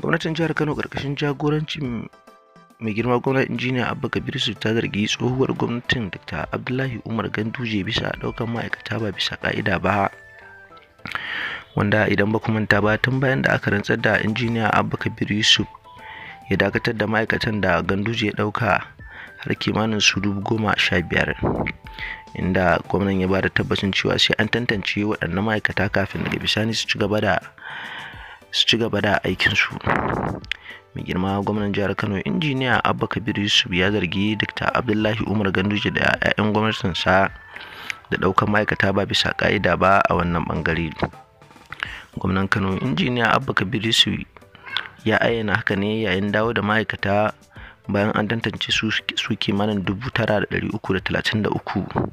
gwamnatin jihar kano karkashin jagorancin mai girma gwamna injiniya abba kabir su ta zargi tsohuwar gwamnatin dr abdullahi umar ganduje bisa daukan ma'aikata ba bisa ka'ida ba wanda idan ba manta ba tun bayan da aka rantsar da injiniya abba kabir yusuf ya dakatar da ma'aikatan da ganduje ya dauka har kimanin su dubu goma sha biyar inda gwamnan ya ba da tabbacin cewa sai an tantance waɗannan ma'aikata kafin daga bisani su ci gaba da su ci gaba da aikinsu mai girma gwamnan jihar kano injiniya abba kabir yusuf ya zargi dr abdullahi umar ganduje da 'ya'yan gwamnatinsa da ɗaukar ma'aikata ba bisa ƙa'ida ba a wannan ɓangare gwamnan kano injiniya abba kabir yusuf ya ayyana haka ne yayin dawo da ma'aikata bayan an tantance su su kimanin 9,333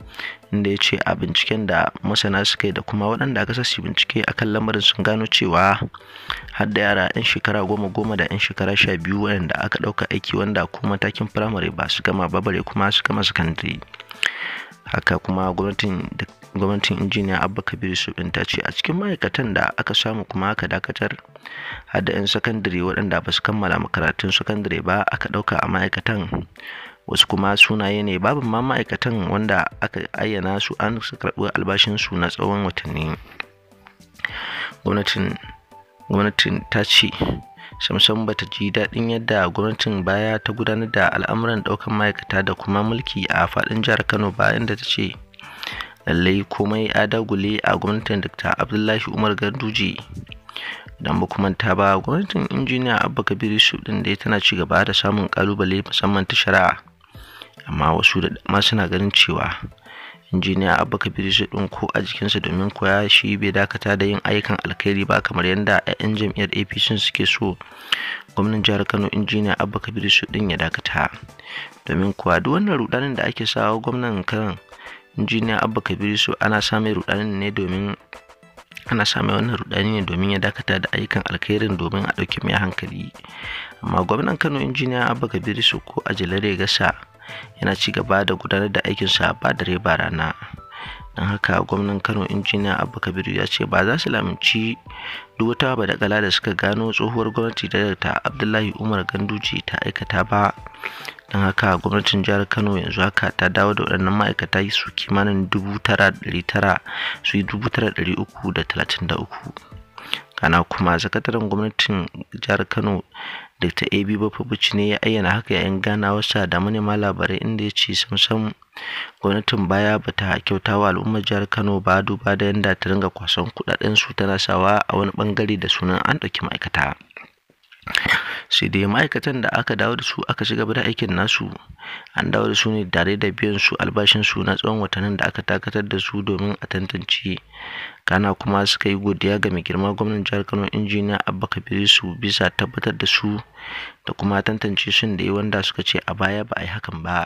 inda ya ce a binciken da masana suka yi da kuma waɗanda aka sassi bincike a kan lamarin sun gano cewa har da yara 'yan shekara goma goma da 'yan shekara sha biyu waɗanda aka ɗauka aiki wanda ko matakin firamare ba su gama babare kuma su gama sakandare haka kuma gwamnatin gwamnatin injiniya abba kabir shubin ta ce a cikin ma'aikatan da aka samu kuma aka dakatar hada 'yan sakandare waɗanda ba su kammala makarantun sakandare ba aka ɗauka a ma'aikatan wasu kuma sunaye ne babu ma ma'aikatan wanda aka ayyana su an su karɓi su na tsawon watanni gwamnatin ta ce samsam bata ji daɗin yadda gwamnatin baya ta gudanar da al'amuran ɗaukar ma'aikata da kuma mulki a faɗin jihar kano bayan da ta ce lallai komai ya dagule a gwamnatin dr abdullahi umar Ganduji, don ba ba gwamnatin injiniya abba kabir yusuf din dai tana ci gaba da samun kalubale musamman ta shari'a amma wasu da dama suna ganin cewa injiniya abba kabir yusuf ko a jikinsa domin koya shi bai dakata da yin ayyukan alkhairi ba kamar yadda 'ya'yan jam'iyyar apc suke so gwamnan jihar kano injiniya abba kabir yusuf ya dakata domin kuwa duk wannan rudanin da ake sawa gwamnan kan injiniya abba kabiru su ana samun rudanin ne domin ana samun wannan rudani ne domin ya dakata da ayyukan alkhairin domin a ɗauki mai hankali amma gwamnan kano injiniya abba kabiru su ko a jalare gasa yana ci gaba da gudanar da aikinsa ba dare ba rana don haka gwamnan kano injiniya abu kabiru ya ce ba za su lamunci duk wata ba da suka gano tsohuwar gwamnati da ta abdullahi umar ganduji ta aikata ba don haka gwamnatin jihar kano yanzu haka ta dawo da waɗannan ma'aikata su kimanin dubu tara da talatin da uku ana kuma sakataren gwamnatin jihar kano dr ab bafabuci ne ya ayyana haka yayin wasa da manema labarai inda ya ce samsam gwamnatin baya ba ta kyauta wa al'ummar jihar kano ba duba da yadda ta ringa kwasan kudaden su tana sawa a wani bangare da sunan an ɗauki ma'aikata sai dai ma'aikatan da aka dawo da su aka ci gaba da aikin nasu an dawo da su ne tare da biyan su albashin su na tsawon watannin da aka dakatar da su domin a tantance kana kuma suka yi godiya ga mai girma gwamnan jihar kano injiniya abba kabiru su bisa tabbatar da su da kuma tantance sun da yi wanda suka ce a baya ba a yi hakan ba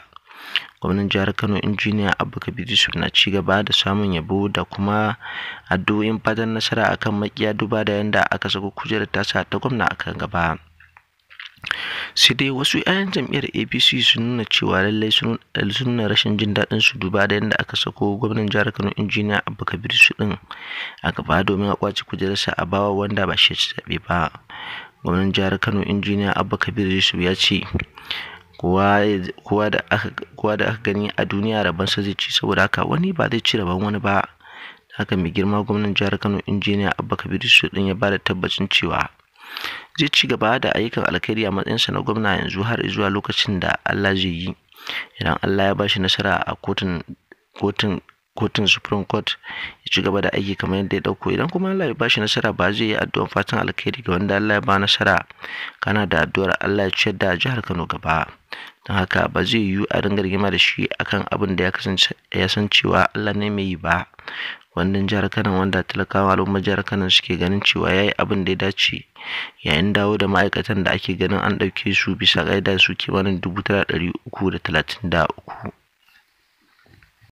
gwamnan jihar kano injiniya abu kabir na ci gaba da samun yabo da kuma addu'o'in fatan nasara akan makiya duba da yanda aka sako kujerar tasa ta gwamna akan gaba sai dai wasu 'ya'yan jam'iyyar apc sun nuna cewa lallai sun nuna rashin jin daɗin su duba da yadda aka sako gwamnan jihar kano injiniya abu kabir su ɗin a gaba domin a kwace kujerarsa a bawa wanda ba shi zaɓe ba gwamnan jihar kano injiniya abu kabir yusuf ya ce kowa da aka gani a duniya rabon rabonsa zai ci saboda haka wani ba zai ci rabon wani ba haka mai girma gwamnan jihar kano injiniya abba kabiru ɗin ya bada tabbacin cewa zai ci gaba da ayyukan alkhairi a matsayinsa na gwamna yanzu har zuwa lokacin da allah zai yi idan allah ya bashi nasara a kotun kotun kotun supreme court ya ci gaba da aiki kamar yadda ya dauko idan kuma Allah ya bashi nasara ba zai yi addu'ar fatan alkhairi ga wanda Allah ya ba nasara kana da addu'ar Allah ya ciyar da jihar Kano gaba don haka ba zai yiwu a dinga gima da shi akan abin da ya kasance ya san cewa Allah ne mai yi ba wannan jihar Kano wanda talakawa al'umma jihar Kano suke ganin cewa yayi abin da ya dace yayin dawo da ma'aikatan da ake ganin an ɗauke su bisa ƙa'ida su kimanin dubu tara ɗari uku da talatin da uku